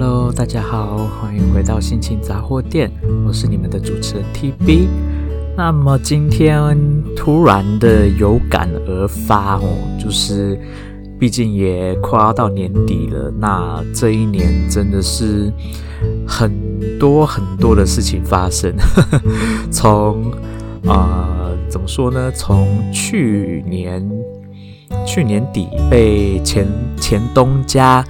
Hello，大家好，歡迎回到心情雜貨店，我是你們的主持人 TB。那麼今天突然的有感而發哦，就是畢竟也快要到年底了，那這一年真的是很多很多的事情發生。 從呃怎麼說呢？從去年去年底被前前東家。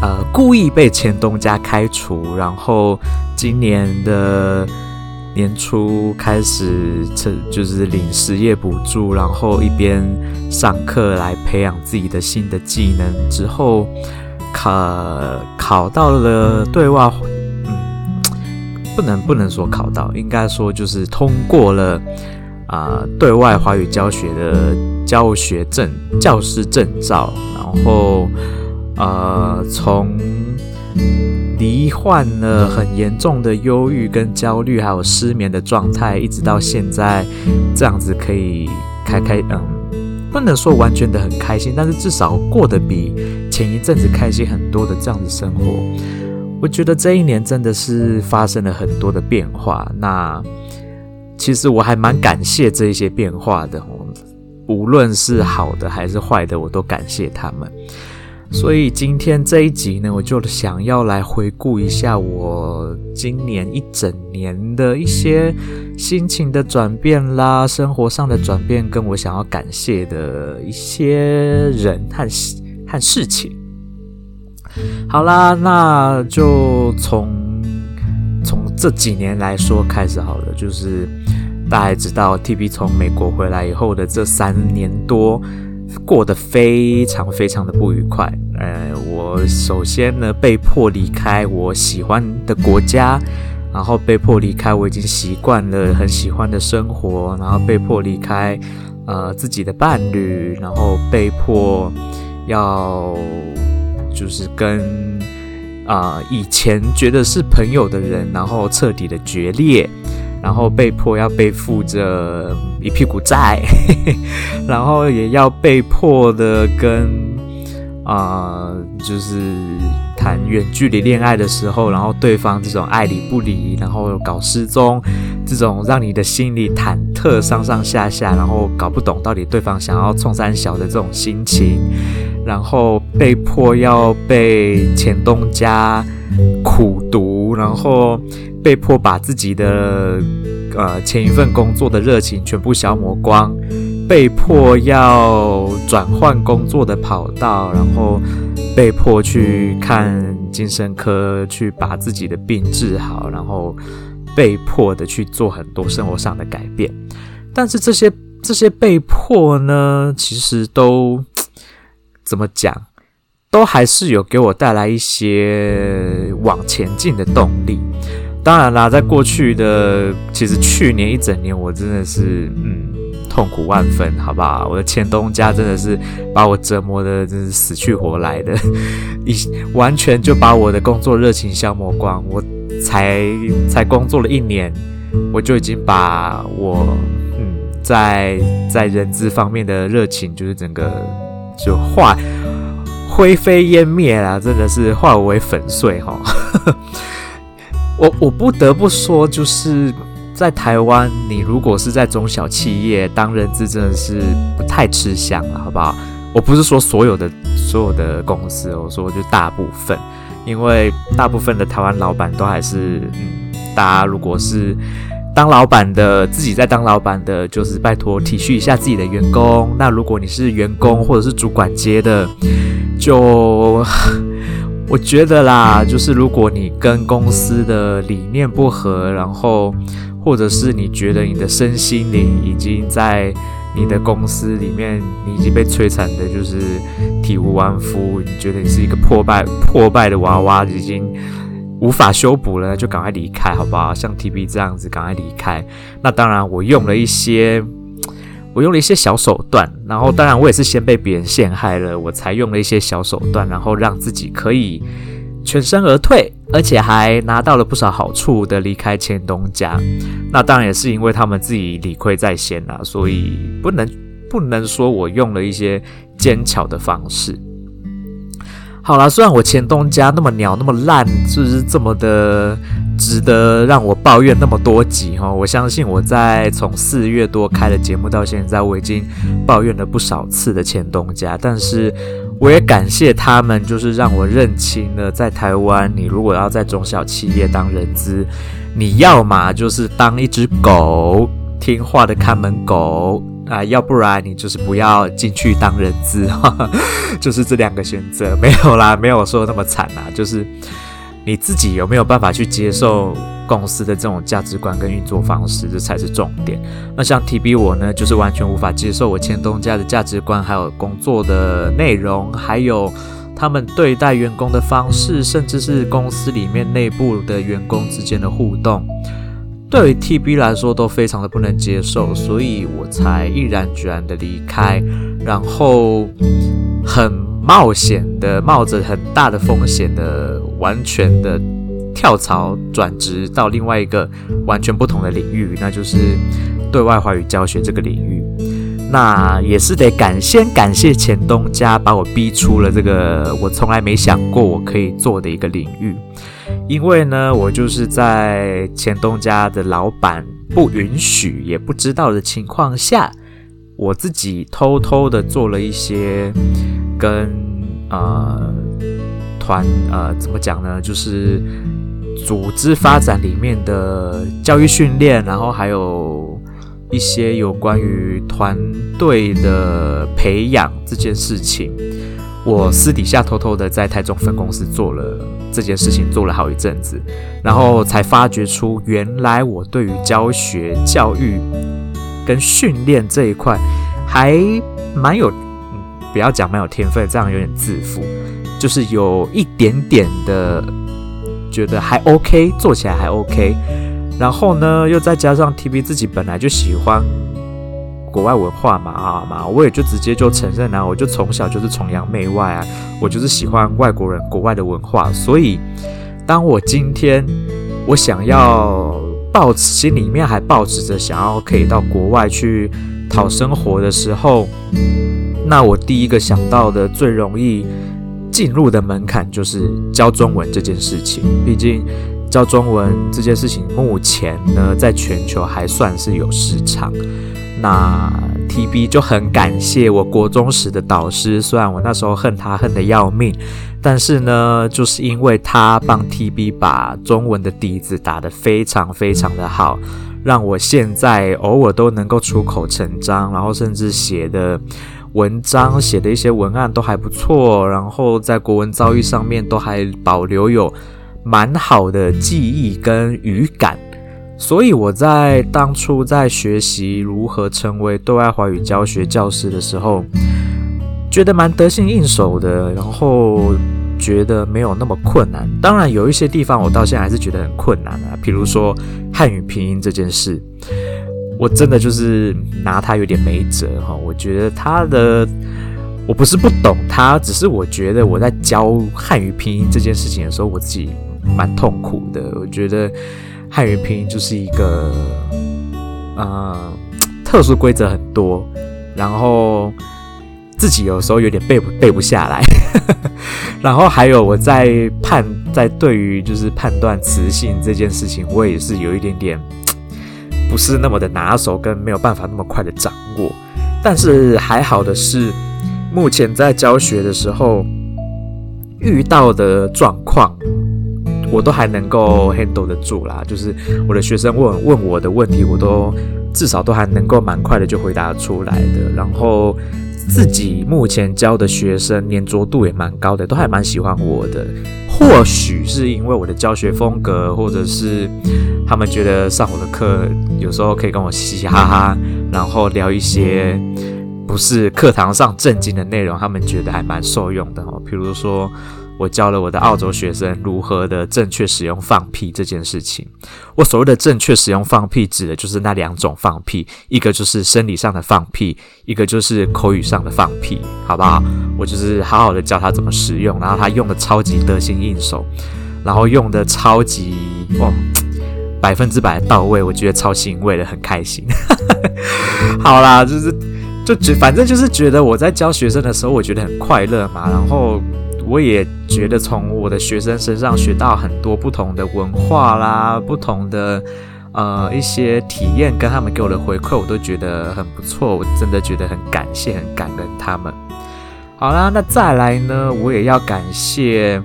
呃，故意被前東家開除，然後今年的年初開始，就是領失業補助，然後一邊上課來培養自己的新的技能，之後考考到了對外，嗯，不能不能說考到，應該說就是通過了啊，呃，對外華語教學的教學證、教師證照，然後。呃，從罹患了很嚴重的憂鬱跟焦慮，還有失眠的狀態，一直到現在這樣子，可以開開，嗯，不能說完全的很開心，但是至少過得比前一陣子開心很多的這樣子生活。我覺得這一年真的是發生了很多的變化。那其實我還蠻感謝這一些變化的，無論是好的還是壞的，我都感謝他們。所以今天這一集呢，我就想要來回顧一下我今年一整年的一些心情的轉變啦，生活上的轉變，跟我想要感謝的一些人和和事情。好啦，那就從從這幾年來說開始好了，就是大家知道 TB 從美國回來以後的這三年多。過得非常非常的不愉快。呃，我首先呢被迫離開我喜歡的國家，然後被迫離開我已經習慣了很喜歡的生活，然後被迫離開呃自己的伴侶，然後被迫要就是跟啊，呃，以前覺得是朋友的人，然後徹底的決裂。然後被迫要背負着一屁股債， 然後也要被迫的跟啊、呃，就是談遠距離戀愛的時候，然後對方這種愛理不理，然後搞失蹤，這種讓你的心裡忐忑上上下下，然後搞不懂到底對方想要衝三小的這種心情，然後被迫要被前東家苦毒，然後。被迫把自己的呃前一份工作的熱情全部消磨光，被迫要轉換工作的跑道，然後被迫去看精神科，去把自己的病治好，然後被迫的去做很多生活上的改變。但是這些這些被迫呢，其實都，怎麼講，都還是有給我帶來一些往前進的動力。當然啦，在過去的其實去年一整年，我真的是嗯痛苦萬分，好不好？我的前東家真的是把我折磨的真是死去活來的，一， 完全就把我的工作熱情消磨光。我才才工作了一年，我就已經把我嗯在在人資方面的熱情，就是整個就化灰飛煙滅了，真的是化我為粉碎哈、哦。 我我不得不說，就是在台灣，你如果是在中小企業當人資，真的是不太吃香了，好不好？我不是說所有的所有的公司，我說就大部分，因為大部分的台灣老闆都還是，嗯，大家如果是當老闆的，自己在當老闆的，就是拜托體恤一下自己的員工。那如果你是員工或者是主管接的，就，嗯我覺得啦，就是如果你跟公司的理念不合，然後或者是你覺得你的身心靈已經在你的公司裡面，你已經被摧殘的，就是體無完膚，你覺得你是一個破敗破敗的娃娃，已經無法修補了，就趕快離開，好不好？像 TB 這樣子，趕快離開。那當然，我用了一些。我用了一些小手段，然後當然我也是先被別人陷害了，我才用了一些小手段，然後讓自己可以全身而退，而且還拿到了不少好處的離開前東家。那當然也是因為他們自己理虧在先啊，所以不能不能說我用了一些奸巧的方式。好啦，雖然我前東家那麼鳥那麼爛，就是這麼的值得讓我抱怨那麼多集哈、哦。我相信我在從四月多開的節目到現在，我已經抱怨了不少次的前東家。但是我也感謝他們，就是讓我認清了，在台灣你如果要在中小企業當人資，你要嘛就是當一隻狗，聽話的看門狗。啊，要不然你就是不要進去當人資，哈哈，就是這兩個選擇。沒有啦，沒有說那麼慘啦。就是你自己有沒有辦法去接受公司的這種價值觀跟運作方式，這才是重點。那像 T B 我呢，就是完全無法接受我前東家的價值觀，還有工作的內容，還有他們對待員工的方式，甚至是公司裡面內部的員工之間的互動。對於 TB 來說都非常的不能接受，所以我才毅然決然的離開然後很冒險的冒着很大的風險的完全的跳槽轉職到另外一個完全不同的領域，那就是對外華語教學這個領域。那也是得感謝感謝前東家把我逼出了這個我從來沒想過我可以做的一個領域。因為呢，我就是在前東家的老闆不允許，也不知道的情況下，我自己偷偷的做了一些跟呃團呃怎麼講呢，就是組織發展裡面的教育訓練，然後還有一些有關於團隊的培養這件事情，我私底下偷偷的在台中分公司做了。這件事情做了好一陣子，然後才發覺出原來我對於教學、教育跟訓練這一塊還蠻有，不要講蠻有天分，這樣有點自負，就是有一點點的覺得還 OK，做起來還 OK。然後呢，又再加上 TB 自己本來就喜歡。國外文化嘛，啊嘛，我也就直接就承認啊，我就從小就是崇洋媚外啊，我就是喜歡外國人、國外的文化。所以，當我今天我想要抱持心裡面還抱持着想要可以到國外去討生活的時候，那我第一個想到的最容易進入的門檻就是教中文這件事情，畢竟。教中文這件事情，目前呢，在全球還算是有市場。那 TB 就很感謝我國中時的導師，雖然我那時候恨他恨得要命，但是呢，就是因為他幫 TB 把中文的底子打得非常非常的好，讓我現在偶爾都能夠出口成章，然後甚至寫的文章、寫的一些文案都還不錯，然後在國文造詣上面都還保留有蠻好的記憶跟語感，所以我在當初在學習如何成為對外華語教學教師的時候，覺得蠻得心應手的，然後覺得沒有那麼困難。當然，有一些地方我到現在還是覺得很困難啊，比如說漢語拼音這件事，我真的就是拿它有點沒轍哈。我覺得它的我不是不懂它，只是我覺得我在教漢語拼音這件事情的時候，我自己。蠻痛苦的，我覺得漢語拼音就是一個，呃，特殊規則很多，然後自己有時候有點背不背不下來。 然後還有我在判在對於就是判斷詞性這件事情，我也是有一點點不是那麼的拿手，跟沒有辦法那麼快的掌握。但是還好的是，目前在教學的時候遇到的狀況，我都還能夠 handle 得住啦，就是我的學生問問我的問題，我都至少都還能夠蠻快的就回答出來的。然後自己目前教的學生黏着度也蠻高的，都還蠻喜歡我的。或許是因為我的教學風格，或者是他們覺得上我的課有時候可以跟我嘻嘻哈哈，然後聊一些不是課堂上正經的內容，他們覺得還蠻受用的哦。比如說。我教了我的澳洲學生如何的正確使用放屁這件事情。我所謂的正確使用放屁，指的就是那兩種放屁，一個就是生理上的放屁，一個就是口語上的放屁，好不好？我就是好好的教他怎麼使用，然後他用的超級得心應手，然後用的超級哦百分之百到位，我覺得超欣慰的，很開心。 好啦，就是就覺反正就是覺得我在教學生的時候，我覺得很快樂嘛，然後。我也覺得從我的學生身上學到很多不同的文化啦，不同的呃一些體驗，跟他們給我的回饋，我都覺得很不錯。我真的覺得很感謝，很感恩他們。好啦，那再來呢，我也要感謝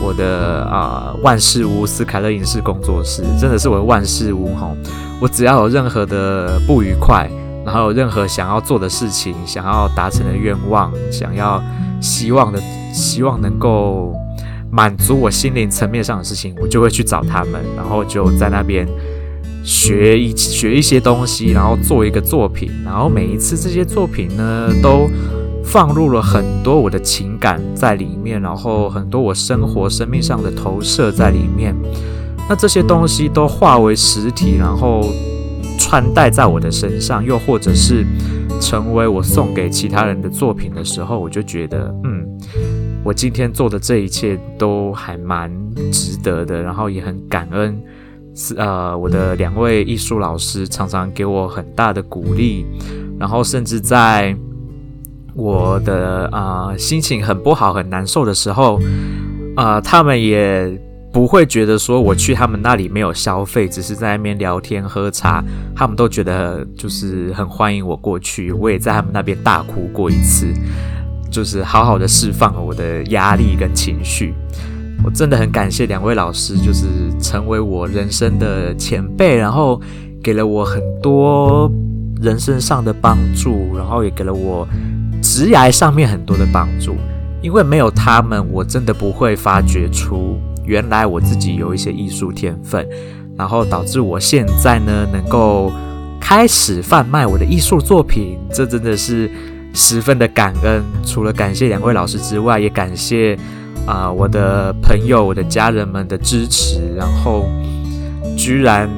我的啊、呃、萬事屋斯凱勒影視工作室，真的是我的萬事屋哈。我只要有任何的不愉快，然後有任何想要做的事情，想要達成的願望，想要。希望的，希望能夠滿足我心靈層面上的事情，我就會去找他們，然後就在那邊學一學一些東西，然後做一個作品。然後每一次這些作品呢，都放入了很多我的情感在裡面，然後很多我生活、生命上的投射在裡面。那這些東西都化為實體，然後。穿戴在我的身上，又或者是成為我送給其他人的作品的時候，我就覺得，嗯，我今天做的這一切都還蠻值得的，然後也很感恩。呃，我的兩位藝術老師常常給我很大的鼓勵，然後甚至在我的啊、呃、心情很不好、很難受的時候，呃，他們也。不會覺得說我去他們那裡沒有消費，只是在那邊聊天喝茶，他們都覺得就是很歡迎我過去。我也在他們那邊大哭過一次，就是好好的釋放我的壓力跟情緒。我真的很感謝兩位老師，就是成為我人生的前輩，然後給了我很多人生上的幫助，然後也給了我職業上面很多的幫助。因為沒有他們，我真的不會發掘出。原來我自己有一些藝術天分，然後導致我現在呢能夠開始販賣我的藝術作品，這真的是十分的感恩。除了感謝兩位老師之外，也感謝啊、呃、我的朋友、我的家人們的支持，然後居然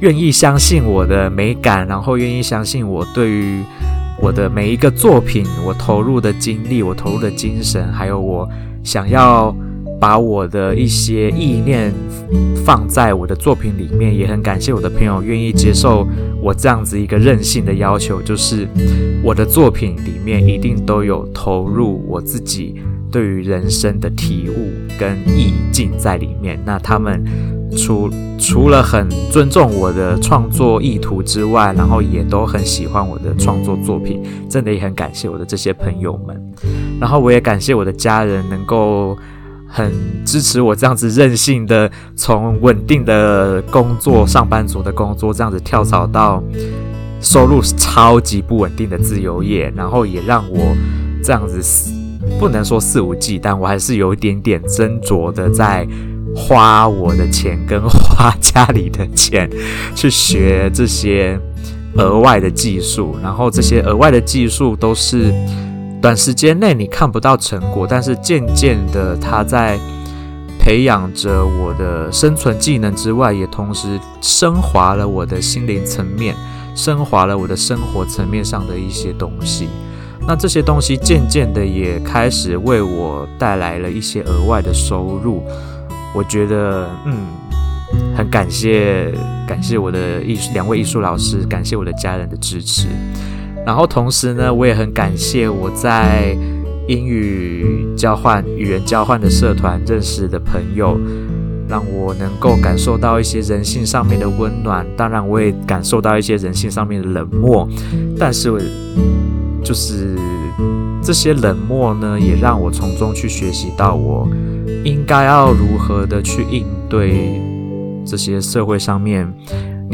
願意相信我的美感，然後願意相信我對於我的每一個作品，我投入的精力、我投入的精神，還有我想要。把我的一些意念放在我的作品裡面，也很感謝我的朋友願意接受我這樣子一個任性的要求，就是我的作品裡面一定都有投入我自己對於人生的體悟跟意境在裡面。那他們除除了很尊重我的創作意圖之外，然後也都很喜歡我的創作作品，真的也很感謝我的這些朋友們。然後我也感謝我的家人能夠。很支持我這樣子任性的，從穩定的工作，上班族的工作這樣子跳槽到收入超級不穩定的自由業，然後也讓我這樣子，不能說肆無忌憚，但我還是有一點點斟酌的，在花我的錢跟花家裡的錢去學這些額外的技術，然後這些額外的技術都是。短時間內你看不到成果，但是漸漸的，他在培養着我的生存技能之外，也同時昇華了我的心靈層面，昇華了我的生活層面上的一些東西。那這些東西漸漸的也開始為我帶來了一些額外的收入。我覺得，嗯，很感謝，感謝我的藝術兩位藝術老師，感謝我的家人的支持。然後同時呢，我也很感謝我在英語交換、語言交換的社團認識的朋友，讓我能夠感受到一些人性上面的溫暖。當然，我也感受到一些人性上面的冷漠。但是，就是這些冷漠呢，也讓我從中去學習到我應該要如何的去應對這些社會上面。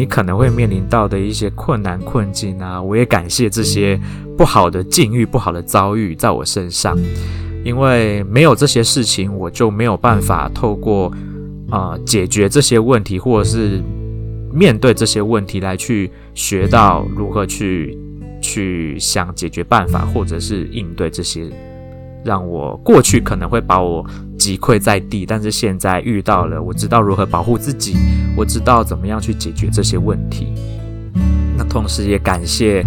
你可能會面臨到的一些困難困境啊，我也感謝這些不好的境遇，不好的遭遇在我身上，因為沒有這些事情，我就沒有辦法透過啊、呃、解決這些問題，或者是面對這些問題來去學到如何去去想解決辦法，或者是應對這些讓我過去可能會把我。擊潰在地，但是現在遇到了，我知道如何保護自己，我知道怎麼樣去解決這些問題。那同時也感謝，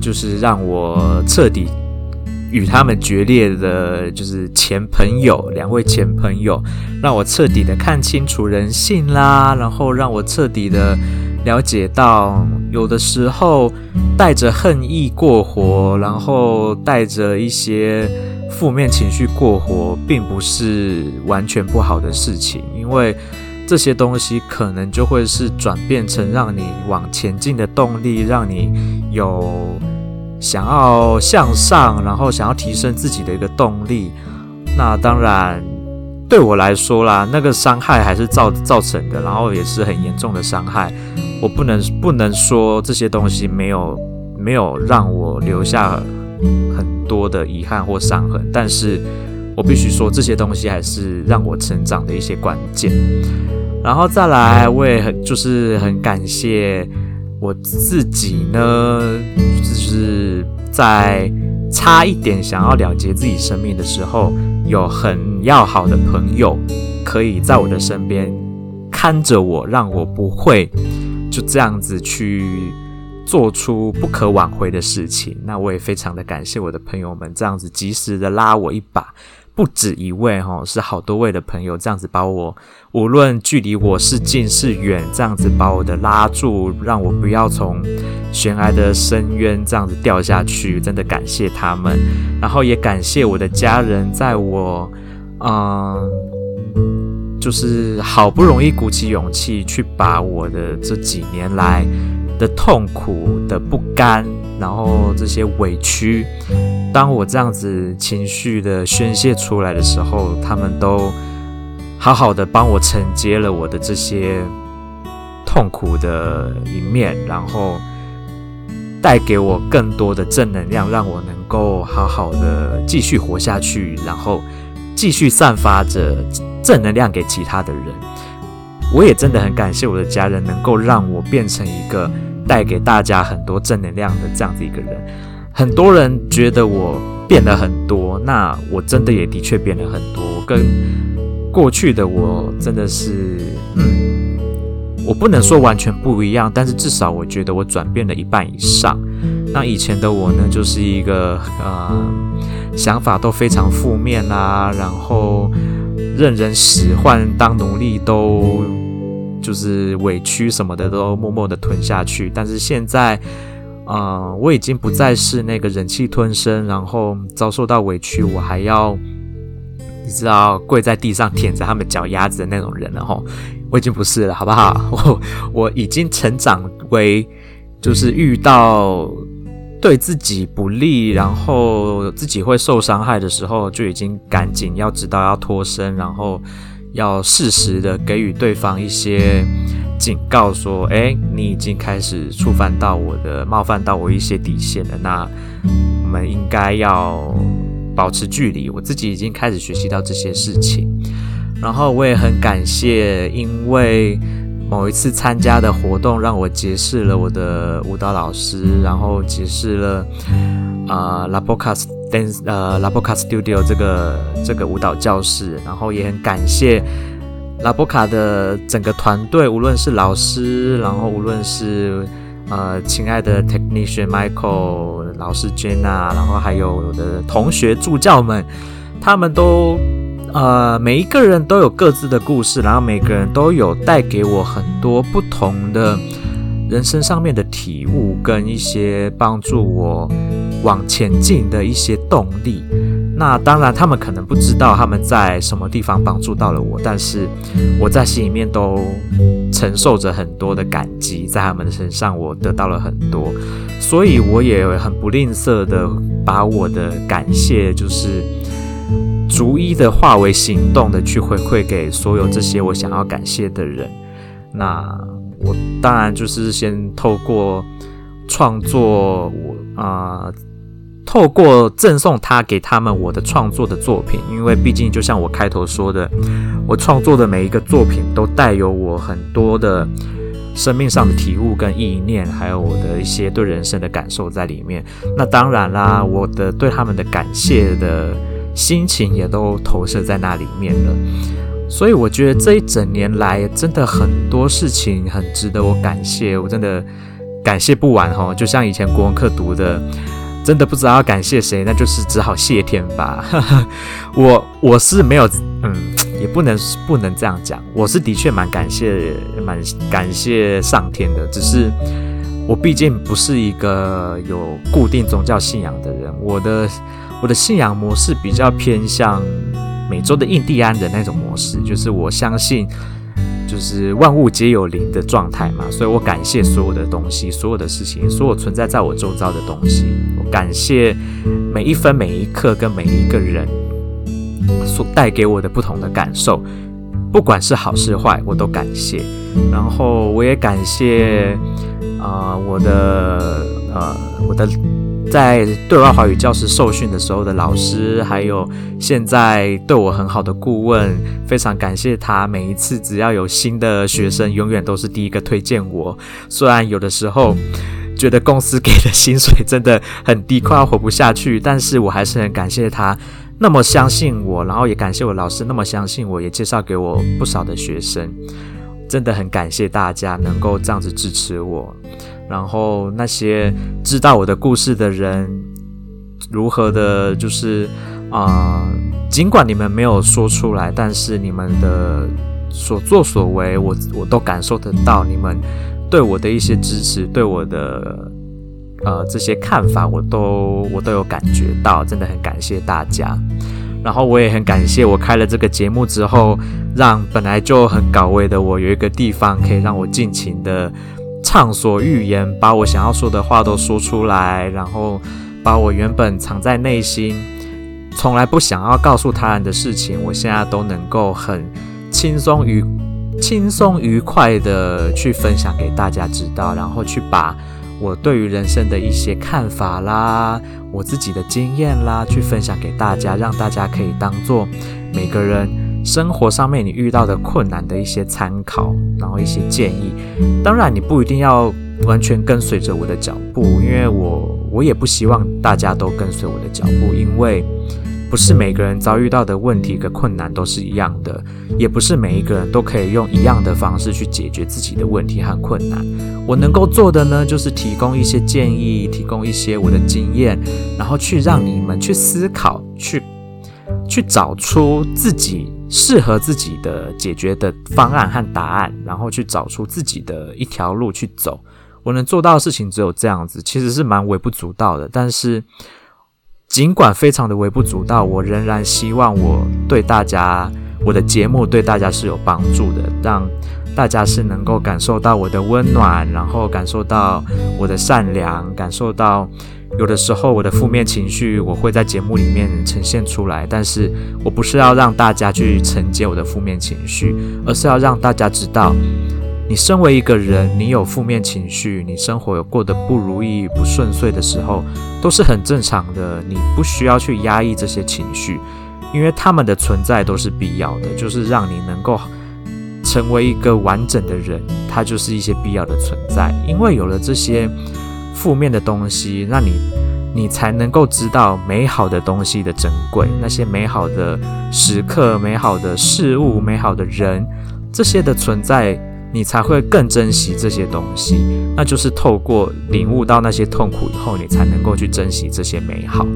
就是讓我徹底與他們決裂的，就是前朋友，兩位前朋友，讓我徹底的看清楚人性啦，然後讓我徹底的。了解到，有的時候帶着恨意過活，然後帶着一些負面情緒過活，並不是完全不好的事情，因為這些東西可能就會是轉變成讓你往前進的動力，讓你有想要向上，然後想要提升自己的一個動力。那當然，對我來說啦，那個傷害還是造造成的，然後也是很嚴重的傷害。我不能不能說這些東西沒有沒有讓我留下很多的遺憾或傷痕，但是我必須說這些東西還是讓我成長的一些關鍵。然後再來，我也很就是很感謝我自己呢，就是在差一點想要了結自己生命的時候，有很要好的朋友可以在我的身邊看着我，讓我不會。就這樣子去做出不可挽回的事情，那我也非常的感謝我的朋友們，這樣子及時的拉我一把，不止一位哦，是好多位的朋友，這樣子把我無論距離我是近是遠，這樣子把我的拉住，讓我不要從懸崖的深淵這樣子掉下去，真的感謝他們，然後也感謝我的家人，在我嗯……呃就是好不容易鼓起勇氣去把我的這幾年來的痛苦的不甘，然後這些委屈，當我這樣子情緒的宣泄出來的時候，他們都好好的幫我承接了我的這些痛苦的一面，然後帶給我更多的正能量，讓我能夠好好的繼續活下去，然後。繼續散發着正能量給其他的人，我也真的很感謝我的家人，能夠讓我變成一個帶給大家很多正能量的這樣子一個人。很多人覺得我變了很多，那我真的也的確變了很多，跟過去的我真的是，嗯，我不能說完全不一樣，但是至少我覺得我轉變了一半以上。那以前的我呢，就是一個啊。呃想法都非常負面啦、啊，然後任人使喚當奴隸，都就是委屈什麼的都默默的吞下去。但是現在，呃，我已經不再是那個忍氣吞聲，然後遭受到委屈，我還要你知道跪在地上舔着他們腳丫子的那種人了吼，我已經不是了，好不好？我我已經成長為就是遇到。對自己不利，然後自己會受傷害的時候，就已經趕緊要知道要脫身，然後要適時的給予對方一些警告，說：“誒，你已經開始觸犯到我的，冒犯到我一些底線了。”那我們應該要保持距離。我自己已經開始學習到這些事情，然後我也很感謝，因為。某一次參加的活動讓我結識了我的舞蹈老師，然後結識了啊 La Boca Dance 呃 La Boca Studio 這個這個舞蹈教室，然後也很感謝 La Boca 的整個團隊，無論是老師，然後無論是呃，親愛的 Technician Michael 老師 Jenna，然後還有我的同學助教們，他們都。呃，每一個人都有各自的故事，然後每個人都有帶給我很多不同的人生上面的體悟，跟一些幫助我往前進的一些動力。那當然，他們可能不知道他們在什麼地方幫助到了我，但是我在心裡面都承受着很多的感激，在他們的身上我得到了很多。所以我也很不吝嗇地把我的感謝就是。逐一的化為行動的去回饋給所有這些我想要感謝的人。那我當然就是先透過創作，我、呃、啊，透過贈送他給他們我的創作的作品，因為畢竟就像我開頭說的，我創作的每一個作品都帶有我很多的生命上的體悟跟意念，還有我的一些對人生的感受在裡面。那當然啦，我的對他們的感謝的。心情也都投射在那裡面了，所以我覺得這一整年來真的很多事情很值得我感謝，我真的感謝不完哦。就像以前國文課讀的，真的不知道要感謝誰，那就是只好謝天吧。 我我是沒有，嗯，也不能不能這樣講，我是的確蠻感謝蠻感謝上天的，只是我畢竟不是一個有固定宗教信仰的人，我的。我的信仰模式比較偏向美洲的印第安人那種模式，就是我相信，就是萬物皆有靈的狀態嘛。所以我感謝所有的東西、所有的事情、所有存在在我周遭的東西。我感謝每一分每一刻跟每一個人所帶給我的不同的感受，不管是好是壞，我都感謝。然後我也感謝啊、呃，我的啊、呃，我的。在對外華語教師受訓的時候的老師，還有現在對我很好的顧問，非常感謝他。每一次只要有新的學生，永遠都是第一個推薦我。雖然有的時候覺得公司給的薪水真的很低，快要活不下去，但是我還是很感謝他那麼相信我，然後也感謝我老師那麼相信我，也介紹給我不少的學生。真的很感謝大家能夠這樣子支持我。然後那些知道我的故事的人，如何的，就是啊、呃，儘管你們沒有說出來，但是你們的所作所為我，我我都感受得到。你們對我的一些支持，對我的呃這些看法，我都我都有感覺到，真的很感謝大家。然後我也很感謝，我開了這個節目之後，讓本來就很搞味的我有一個地方可以讓我盡情的。暢所欲言，把我想要說的話都說出來，然後把我原本藏在內心、從來不想要告訴他人的事情，我現在都能夠很輕鬆愉、輕鬆愉快的去分享給大家知道，然後去把我對於人生的一些看法啦，我自己的經驗啦，去分享給大家，讓大家可以當做每個人。生活上面你遇到的困難的一些參考，然後一些建議。當然，你不一定要完全跟隨着我的腳步，因為我我也不希望大家都跟隨我的腳步，因為不是每個人遭遇到的問題跟困難都是一樣的，也不是每一個人都可以用一樣的方式去解決自己的問題和困難。我能夠做的呢，就是提供一些建議，提供一些我的經驗，然後去讓你們去思考，去去找出自己。適合自己的解決的方案和答案，然後去找出自己的一條路去走。我能做到的事情只有這樣子，其實是蠻微不足道的。但是，儘管非常的微不足道，我仍然希望我對大家，我的節目對大家是有幫助的，讓大家是能夠感受到我的溫暖，然後感受到我的善良，感受到。有的時候，我的負面情緒我會在節目裡面呈現出來，但是我不是要讓大家去承接我的負面情緒，而是要讓大家知道，你身為一個人，你有負面情緒，你生活有過得不如意、不順遂的時候，都是很正常的，你不需要去壓抑這些情緒，因為他們的存在都是必要的，就是讓你能夠成為一個完整的人，他就是一些必要的存在，因為有了這些。負面的東西，那你你才能夠知道美好的東西的珍貴，那些美好的時刻、美好的事物、美好的人，這些的存在，你才會更珍惜這些東西。那就是透過領悟到那些痛苦以後，你才能夠去珍惜這些美好。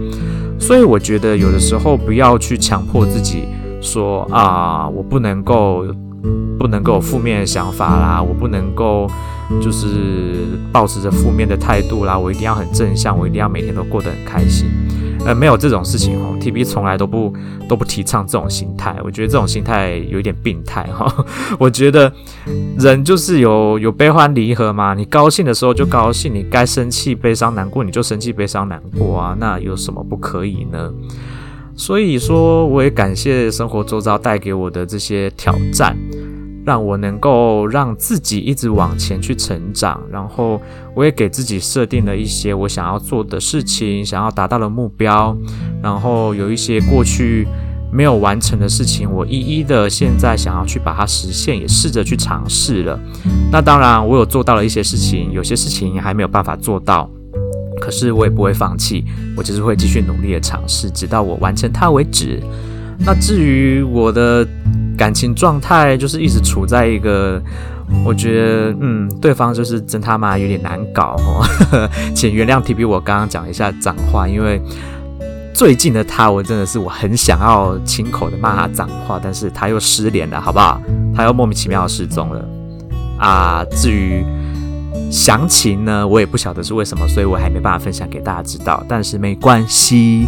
所以，我覺得有的時候不要去強迫自己說啊，我不能夠不能夠有負面的想法啦，我不能夠。就是抱持着負面的態度啦，我一定要很正向，我一定要每天都過得很開心，呃，沒有這種事情齁。TB 從來都不都不提倡這種心態，我覺得這種心態有一點病態齁。我覺得人就是有有悲歡離合嘛，你高興的時候就高興，你該生氣、悲傷、難過，你就生氣、悲傷、難過啊，那有什麼不可以呢？所以說，我也感謝生活周遭帶給我的這些挑戰。讓我能夠讓自己一直往前去成長，然後我也給自己設定了一些我想要做的事情、想要達到的目標，然後有一些過去沒有完成的事情，我一一的現在想要去把它實現，也試着去嘗試了。那當然，我有做到了一些事情，有些事情還沒有辦法做到，可是我也不會放棄，我就是會繼續努力的嘗試，直到我完成它為止。那至於我的。感情狀態就是一直處在一個，我覺得，嗯，對方就是真他媽有點難搞哦。 請原諒 TB，我剛剛講一下髒話，因為最近的他，我真的是我很想要親口的罵他髒話，但是他又失聯了，好不好？他又莫名其妙失蹤了啊！至於詳情呢，我也不曉得是為什麼，所以我還沒辦法分享給大家知道。但是沒關係，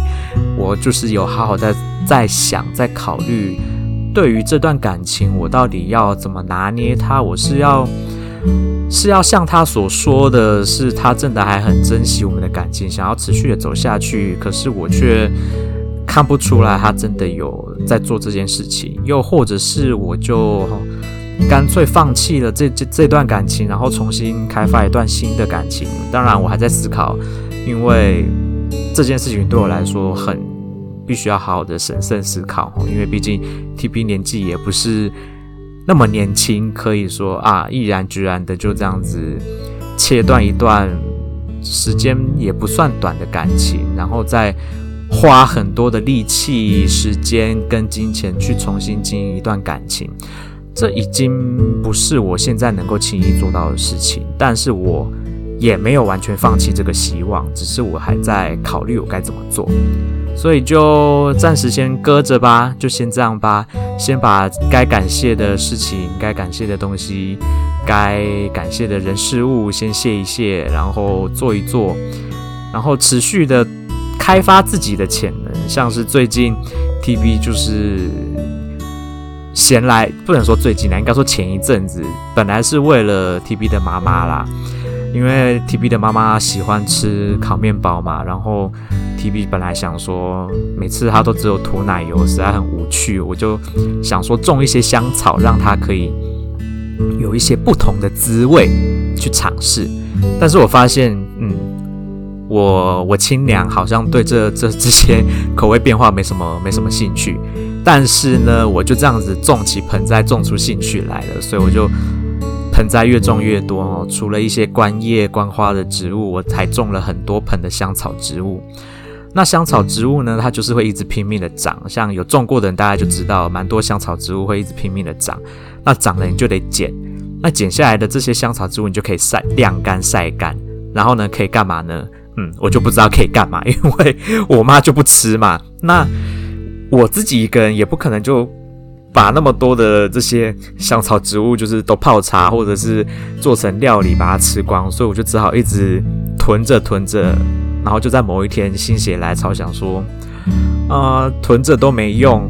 我就是有好好的在，在想，在考慮。對於這段感情，我到底要怎麼拿捏他？我是要，是要像他所說的，是他真的還很珍惜我們的感情，想要持續的走下去。可是我卻看不出來他真的有在做這件事情，又或者是我就乾脆放棄了這，這，這段感情，然後重新開發一段新的感情。當然，我還在思考，因為這件事情對我來說很。必須要好好的審慎思考，因為畢竟 TB 年紀也不是那麼年輕，可以說啊，毅然決然的就這樣子切斷一段時間也不算短的感情，然後再花很多的力氣、時間跟金錢去重新經營一段感情，這已經不是我現在能夠輕易做到的事情。但是我也沒有完全放棄這個希望，只是我還在考慮我該怎麼做。所以就暫時先擱着吧，就先這樣吧。先把該感謝的事情、該感謝的東西、該感謝的人事物先謝一謝，然後做一做，然後持續的開發自己的潛能。像是最近，TB 就是閒來不能說最近啦，應該說前一陣子，本來是為了 TB 的媽媽啦，因為 TB 的媽媽喜歡吃烤麵包嘛，然後。T B 本來想說，每次他都只有塗奶油，實在很無趣。我就想說，種一些香草，讓他可以有一些不同的滋味去嘗試。但是我發現，嗯，我我親娘好像對這這這些口味變化沒什麼沒什麼興趣。但是呢，我就這樣子種起盆栽，種出興趣來了。所以我就盆栽越種越多哦。除了一些觀葉觀花的植物，我還種了很多盆的香草植物。那香草植物呢，它就是會一直拼命的長，像有種過的人，大家就知道，蠻多香草植物會一直拼命的長。那長了你就得剪，那剪下來的這些香草植物，你就可以曬晾乾曬乾，然後呢，可以幹嘛呢？嗯，我就不知道可以幹嘛，因為我媽就不吃嘛。那我自己一個人也不可能就把那麼多的這些香草植物就是都泡茶，或者是做成料理把它吃光，所以我就只好一直囤着囤着。然後就在某一天心血來潮，想說，呃，囤着都沒用，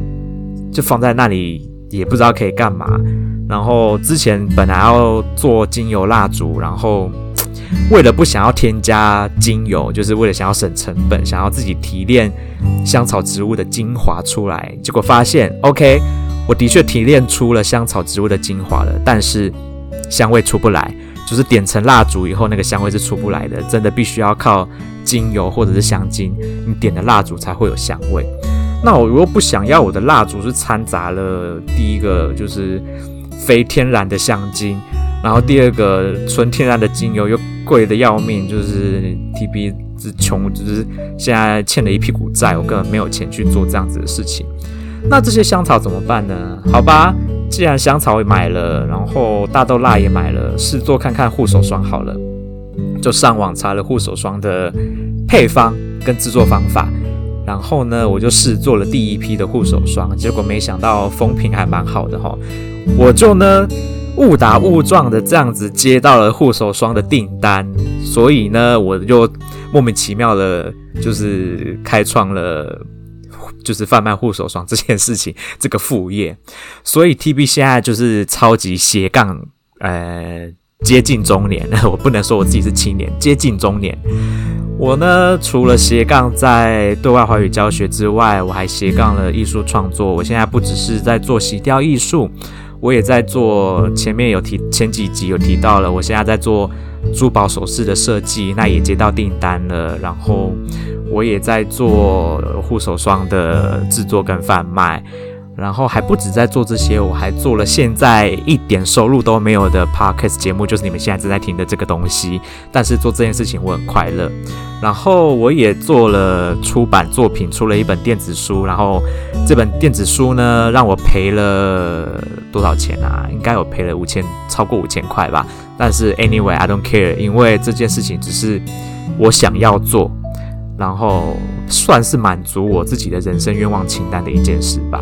就放在那裡也不知道可以幹嘛。然後之前本來要做精油蠟燭，然後為了不想要添加精油，就是為了想要省成本，想要自己提煉香草植物的精華出來。結果發現，OK，我的確提煉出了香草植物的精華了，但是香味出不來。就是點成蠟燭以後，那個香味是出不來的，真的必須要靠精油或者是香精，你點的蠟燭才會有香味。那我如果不想要我的蠟燭是摻雜了第一個就是非天然的香精，然後第二個純天然的精油又貴得要命，就是 TB 是窮，就是現在欠了一屁股債，我根本沒有錢去做這樣子的事情。那這些香草怎麼辦呢？好吧，既然香草也買了，然後大豆蠟也買了，試做看看護手霜好了。就上網查了護手霜的配方跟製作方法，然後呢，我就試做了第一批的護手霜，結果沒想到風評還蠻好的哈、哦。我就呢誤打誤撞的這樣子接到了護手霜的訂單，所以呢，我就莫名其妙的，就是開創了。就是販賣護手霜這件事情，這個副業。所以 TB 現在就是超級斜槓，呃，接近中年。 我不能說我自己是青年，接近中年。我呢，除了斜槓在對外華語教學之外，我還斜槓了藝術創作。我現在不只是在做錫雕藝術，我也在做。前面有提，前幾集有提到了，我現在在做珠寶首飾的設計，那也接到訂單了。然後。我也在做護手霜的製作跟販賣，然後還不止在做這些，我還做了現在一點收入都沒有的 Podcast 節目，就是你們現在正在聽的這個東西。但是做這件事情我很快樂。然後我也做了出版作品，出了一本電子書。然後這本電子書呢，讓我賠了多少錢啊？應該有賠了五千，超過五千塊吧。但是 anyway, I don't care，因為這件事情只是我想要做。然後算是滿足我自己的人生願望清單的一件事吧。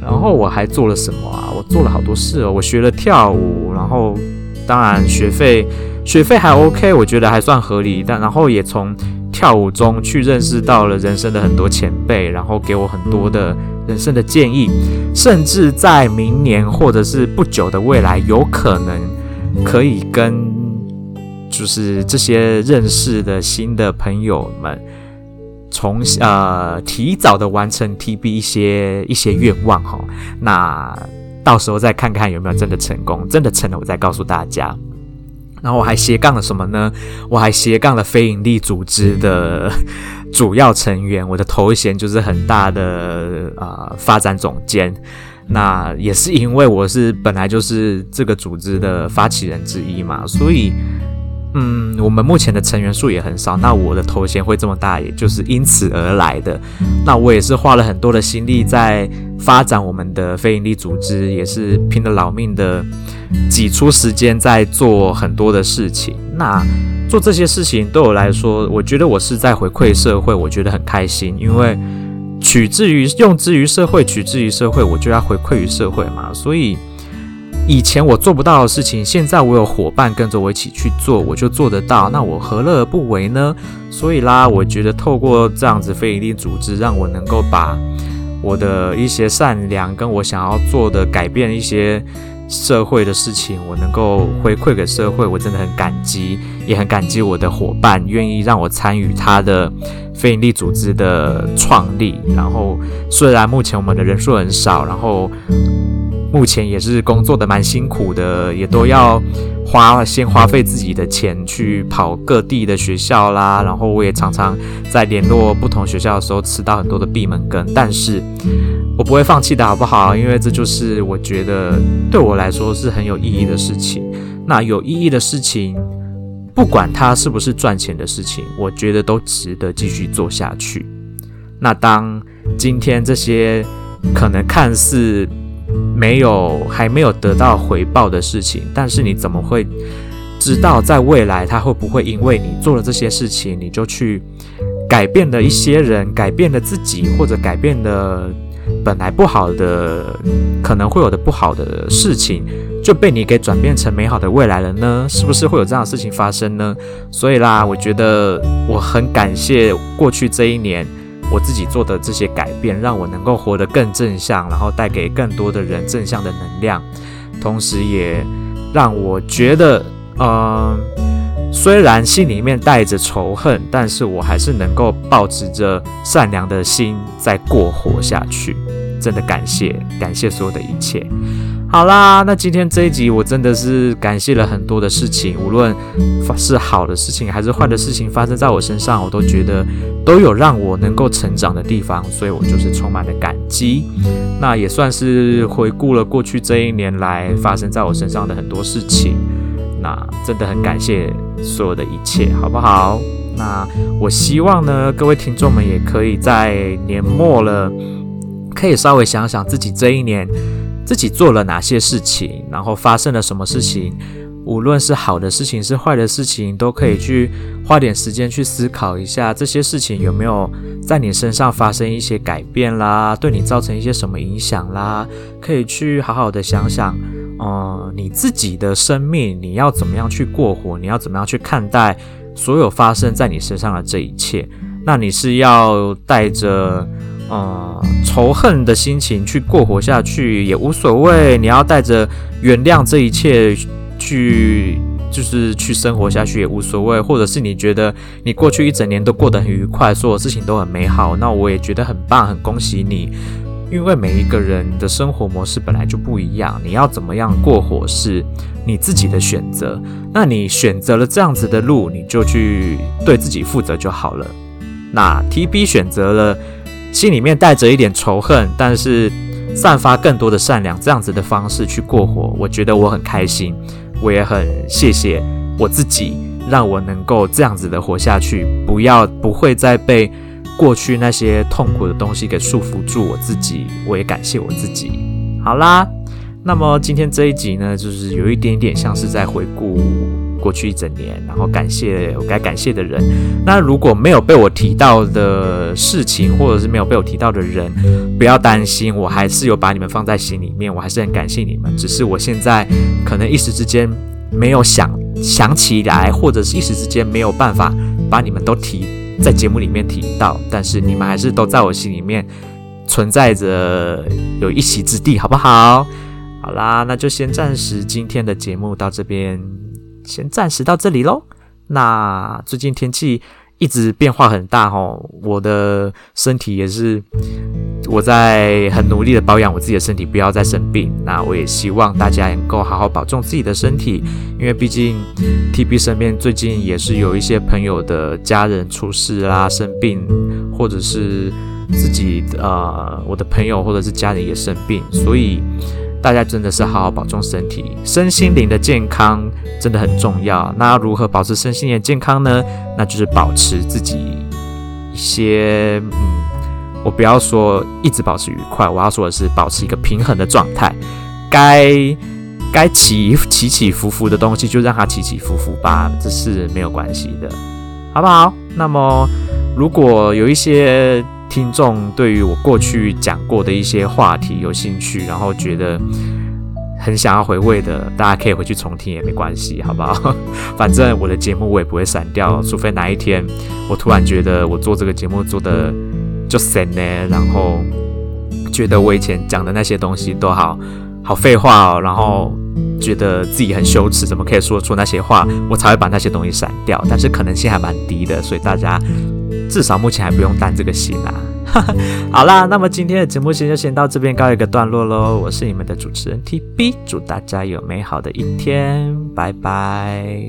然後我還做了什麼啊？我做了好多事哦。我學了跳舞，然後當然學費學費還 OK，我覺得還算合理。但然後也從跳舞中去認識到了人生的很多前輩，然後給我很多的人生的建議。甚至在明年或者是不久的未來，有可能可以跟。就是這些認識的新的朋友們從，從呃提早的完成 TB 一些一些願望哈、哦，那到時候再看看有沒有真的成功，真的成了我再告訴大家。然後我還斜槓了什麼呢？我還斜槓了非營利組織的主要成員，我的頭銜就是很大的啊、呃、發展總監。那也是因為我是本來就是這個組織的發起人之一嘛，所以。嗯，我們目前的成員數也很少，那我的頭銜會這麼大，也就是因此而來的。那我也是花了很多的心力在發展我們的非營利組織，也是拼了老命的擠出時間在做很多的事情。那做這些事情對我來說，我覺得我是在回饋社會，我覺得很開心，因為取之於用之於社會，取之於社會，我就要回饋於社會嘛，所以。以前我做不到的事情，現在我有夥伴跟着我一起去做，我就做得到。那我何樂而不為呢？所以啦，我覺得透過這樣子非營利組織，讓我能夠把我的一些善良跟我想要做的改變一些社會的事情，我能夠回饋給社會，我真的很感激，也很感激我的夥伴願意讓我參與他的非營利組織的創立。然後，雖然目前我們的人數很少，然後。目前也是工作的蠻辛苦的，也都要花，先花費自己的錢去跑各地的學校啦。然後我也常常在聯絡不同學校的時候吃到很多的閉門羹，但是我不會放棄的好不好？因為這就是我覺得對我來說是很有意義的事情。那有意義的事情，不管它是不是賺錢的事情，我覺得都值得繼續做下去。那當今天這些可能看似……沒有，還沒有得到回報的事情，但是你怎麼會知道在未來他會不會因為你做了這些事情，你就去改變了一些人，改變了自己，或者改變了本來不好的可能會有的不好的事情，就被你給轉變成美好的未來了呢？是不是會有這樣的事情發生呢？所以啦，我覺得我很感謝過去這一年。我自己做的這些改變，讓我能夠活得更正向，然後帶給更多的人正向的能量，同時也讓我覺得，嗯、呃，雖然心裡面帶着仇恨，但是我還是能夠抱持着善良的心再過活下去。真的感謝，感謝所有的一切。好啦，那今天這一集我真的是感謝了很多的事情，無論是好的事情還是壞的事情發生在我身上，我都覺得都有讓我能夠成長的地方，所以我就是充滿了感激。那也算是回顧了過去這一年來發生在我身上的很多事情，那真的很感謝所有的一切，好不好？那我希望呢，各位聽眾們也可以在年末了，可以稍微想想自己這一年。自己做了哪些事情，然後發生了什麼事情？無論是好的事情，是壞的事情，都可以去花點時間去思考一下，這些事情有沒有在你身上發生一些改變啦？對你造成一些什麼影響啦？可以去好好的想想，嗯，你自己的生命，你要怎麼樣去過活？你要怎麼樣去看待所有發生在你身上的這一切？那你是要帶着？啊、嗯，仇恨的心情去過活下去也無所謂。你要帶着原諒這一切去，就是去生活下去也無所謂。或者是你覺得你過去一整年都過得很愉快，所有事情都很美好，那我也覺得很棒，很恭喜你。因為每一個人的生活模式本來就不一樣，你要怎麼樣過活是你自己的選擇。那你選擇了這樣子的路，你就去對自己負責就好了。那 TB 選擇了。心裡面帶着一點仇恨，但是散發更多的善良，這樣子的方式去過活，我覺得我很開心，我也很謝謝我自己，讓我能夠這樣子的活下去，不要，不會再被過去那些痛苦的東西給束縛住我自己，我也感謝我自己。好啦，那麼今天這一集呢，就是有一點點像是在回顧。過去一整年，然後感謝我該感謝的人。那如果沒有被我提到的事情，或者是沒有被我提到的人，不要擔心，我還是有把你們放在心裡面，我還是很感謝你們。只是我現在可能一時之間沒有想想起來，或者是一時之間沒有辦法把你們都提在節目裡面提到。但是你們還是都在我心裡面存在着有一席之地，好不好？好啦，那就先暫時今天的節目到這邊。先暫時到這裡嘍。那最近天氣一直變化很大吼，我的身體也是，我在很努力的保養我自己的身體，不要再生病。那我也希望大家能夠好好保重自己的身體，因為畢竟 TB 身邊最近也是有一些朋友的家人出事啊、生病，或者是自己呃我的朋友或者是家人也生病，所以。大家真的是好好保重身體，身心靈的健康真的很重要。那如何保持身心的健康呢？那就是保持自己一些，嗯，我不要說一直保持愉快，我要說的是保持一個平衡的狀態。該該起起起伏伏的東西就讓它起起伏伏吧，這是沒有關係的，好不好？那麼如果有一些。聽眾對於我過去講過的一些話題有興趣，然後覺得很想要回味的，大家可以回去重聽也沒關係，好不好？反正我的節目我也不會刪掉，除非哪一天我突然覺得我做這個節目做得就神呢，然後覺得我以前講的那些東西都好好廢話哦，然後覺得自己很羞恥，怎麼可以說出那些話，我才會把那些東西刪掉。但是可能性還蠻低的，所以大家。至少目前還不用擔這個心啦，啊。 好啦，那麼今天的節目先就先到這邊告一個段落嘍。我是你們的主持人 TB，祝大家有美好的一天，拜拜。